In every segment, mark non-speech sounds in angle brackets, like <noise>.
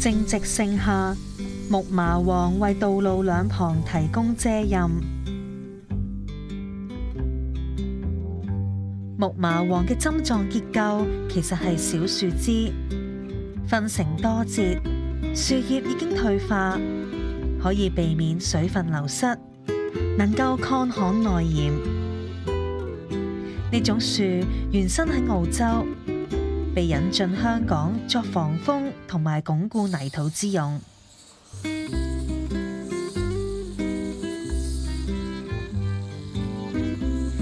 正值盛夏，木麻黃為道路兩旁提供遮蔭。木麻黃嘅針狀結構其實係小樹枝，分成多節，樹葉已經退化，可以避免水分流失，能夠抗旱耐鹽。呢種樹原生喺澳洲。被引進香港作防風同埋鞏固泥土之用。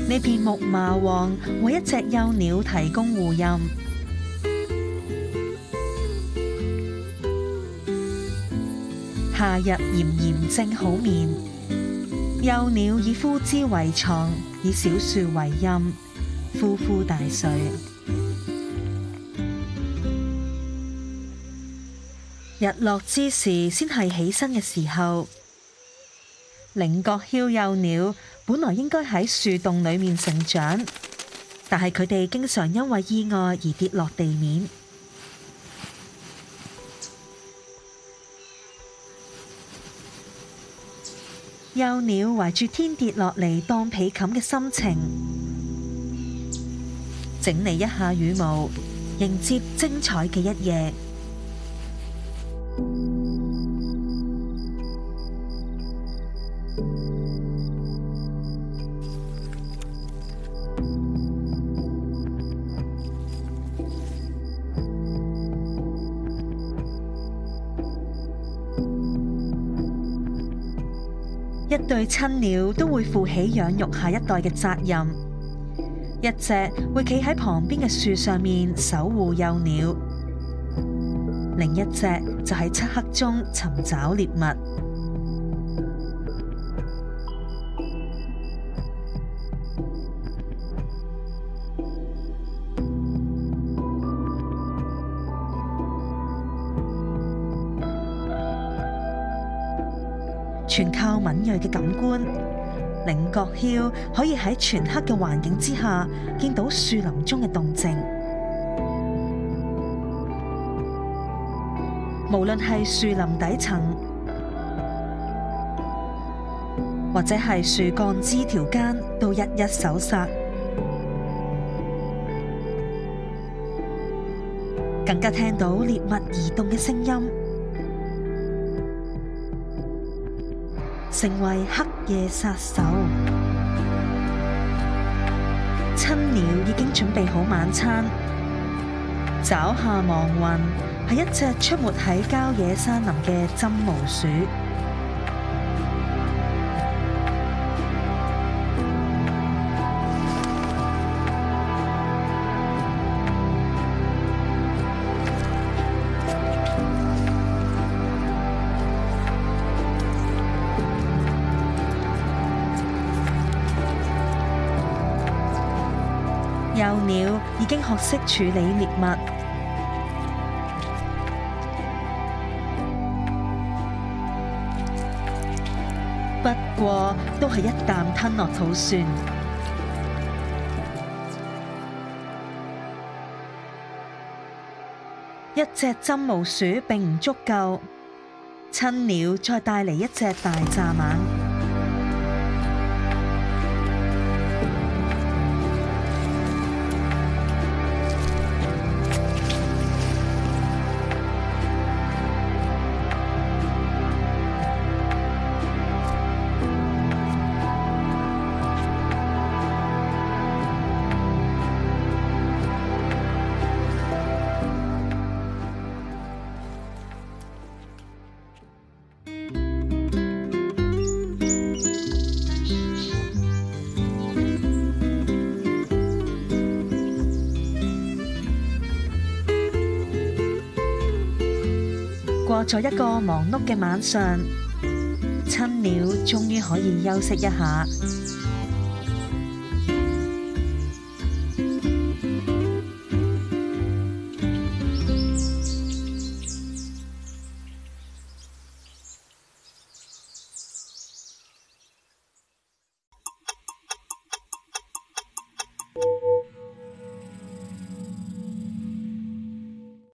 呢片木麻黃為一隻幼鳥提供護蔭。夏日炎炎正好眠，幼鳥以枯枝為床，以小樹為蔭，呼呼大睡。日落之時，先係起身嘅時候。領角鴞幼鳥本來應該喺樹洞裏面成長，但係佢哋經常因為意外而跌落地面。幼鳥懷住天跌落嚟當被冚嘅心情，整理一下羽毛，迎接精彩嘅一夜。一對親鳥都會負起養育下一代嘅責任，一隻會企喺旁邊嘅樹上面守護幼鳥，另一隻就喺漆黑中尋找獵物。全靠敏銳嘅感官，領角鴞可以喺全黑嘅環境之下，見到樹林中嘅動靜。無論係樹林底層，或者係樹幹枝條間，都一一搜殺，更加聽到獵物移動嘅聲音。成為黑夜殺手，親鳥已經準備好晚餐。爪下亡魂係一隻出沒喺郊野山林嘅針毛鼠。幼鳥已經學識處理獵物， <noise> 不過都係一啖吞落肚算。 <noise> 一隻針毛鼠並唔足夠，親鳥再帶嚟一隻大蚱蜢。過咗一個忙碌嘅晚上，親鳥終於可以休息一下。